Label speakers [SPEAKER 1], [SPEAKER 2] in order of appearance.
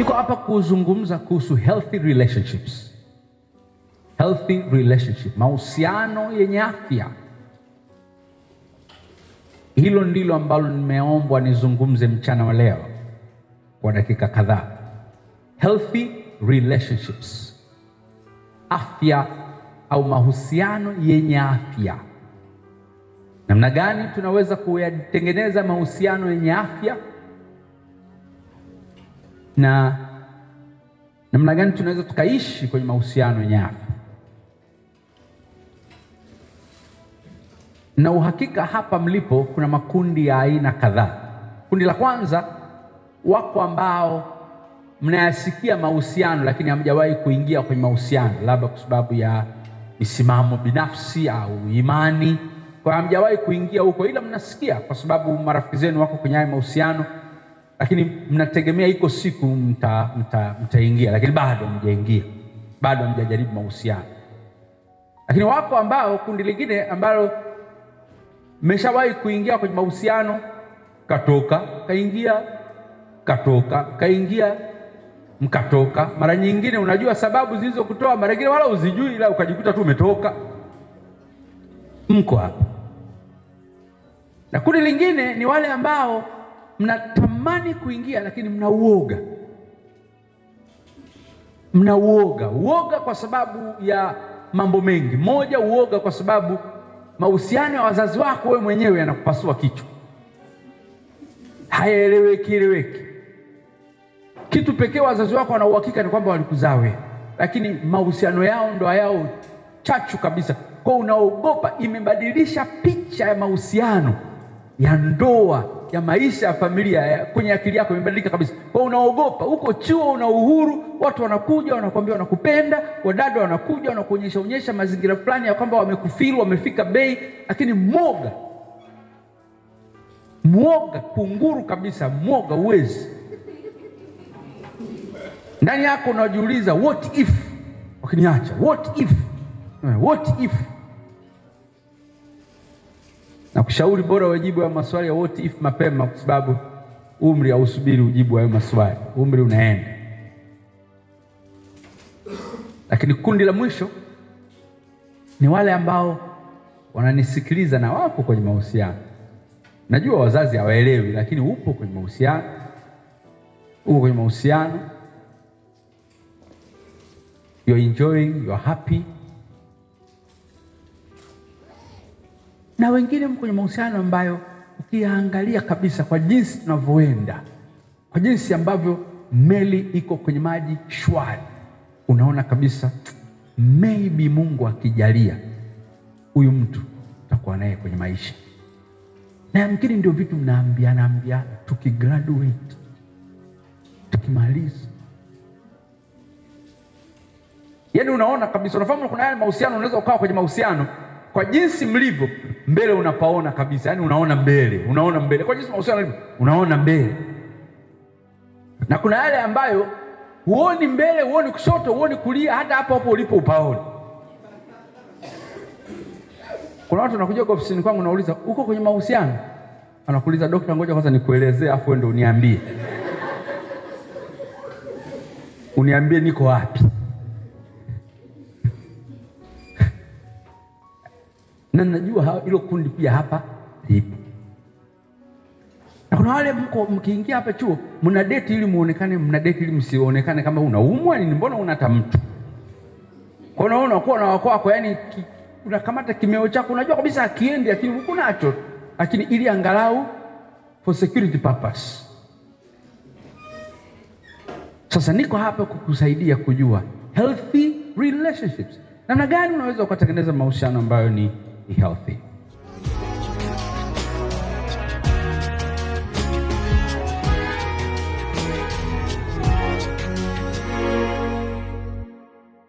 [SPEAKER 1] niko hapa kuzungumza kuhusu healthy relationships, healthy relationship, mahusiano yenye afya. Hilo ndilo ambalo nimeombwa nizungumze mchana wa leo kwa dakika kadhaa, healthy relationships, afya au mahusiano yenye afya. Namna gani tunaweza kuyatengeneza mahusiano yenye afya? na namna gani tunaweza tukaishi kwenye mahusiano yenye afya. Na uhakika hapa mlipo kuna makundi ya aina kadhaa. Kundi la kwanza, wako ambao mnayasikia mahusiano lakini hamjawahi kuingia kwenye mahusiano, labda kwa sababu ya misimamo binafsi au imani, kwa hamjawahi kuingia huko, ila mnasikia kwa sababu marafiki zenu wako kwenye haya mahusiano lakini mnategemea iko siku mtaingia mta, mta, lakini bado mjaingia, bado mjajaribu mahusiano. Lakini wapo ambao kundi lingine ambalo mmeshawahi kuingia kwenye mahusiano, katoka kaingia, katoka kaingia, mkatoka. Mara nyingine unajua sababu zilizokutoa, mara nyingine wala uzijui, ila ukajikuta tu umetoka. Mko hapa. Na kundi lingine ni wale ambao mna mnatamani kuingia, lakini mnauoga. Mnauoga uoga kwa sababu ya mambo mengi. Moja, uoga kwa sababu mahusiano ya wazazi wako wewe mwenyewe yanakupasua kichwa, hayaeleweki eleweki. Kitu pekee wazazi wako wana uhakika ni kwamba walikuzaa wewe, lakini mahusiano yao, ndoa yao chachu kabisa kwao, unaogopa imebadilisha picha ya mahusiano ya ndoa ya maisha ya familia kwenye akili yako imebadilika kabisa, kwa unaogopa. Huko chuo una uhuru, watu wanakuja wanakuambia wanakupenda, wadada wanakuja wanakuonyesha onyesha mazingira fulani ya kwamba wamekufiru, wamefika bei. Lakini mwoga, mwoga, kunguru kabisa, mwoga, uwezi ndani yako unajiuliza, what if wakiniacha, what if, what if na kushauri bora wajibu hayo maswali ya what if mapema, kwa sababu umri hausubiri ujibu hayo maswali, umri unaenda. Lakini kundi la mwisho ni wale ambao wananisikiliza na wapo kwenye mahusiano. Najua wazazi hawaelewi, lakini upo kwenye mahusiano, upo kwenye mahusiano, you're enjoying, you're happy na wengine mko kwenye mahusiano ambayo ukiangalia kabisa kwa jinsi tunavyoenda, kwa jinsi ambavyo meli iko kwenye maji shwari, unaona kabisa maybe Mungu akijalia huyu mtu utakuwa naye kwenye maisha. Na yamkini ndio vitu mnaambiana ambiana, tukigraduate, tukimaliza, yaani unaona kabisa, unafahamu kuna yale mahusiano, unaweza ukawa kwenye mahusiano kwa jinsi mlivyo mbele unapaona kabisa, yani unaona mbele, unaona mbele kwa jinsi mahusiano unaona mbele. Na kuna yale ambayo huoni mbele, huoni kushoto, huoni kulia, hata hapo hapo ulipo upaoni. Kuna watu wanakuja kwa ofisini kwangu, nauliza uko kwenye mahusiano, anakuuliza dokta, ngoja kwanza nikuelezee, afu ndio uniambie uniambie niko wapi. na ninajua hilo kundi pia hapa lipo. kuna wale mko mkiingia hapa chuo mna date ili muonekane, mna date ili msionekane kama unaumwa nini, mbona una hata mtu kwa hiyo unakuwa na wako wako, yani unakamata kimeo chako, unajua kabisa akiendi, lakini huko nacho, lakini ili angalau for security purpose. Sasa niko hapa kukusaidia kujua healthy relationships, namna gani unaweza ukatengeneza mahusiano ambayo ni be healthy.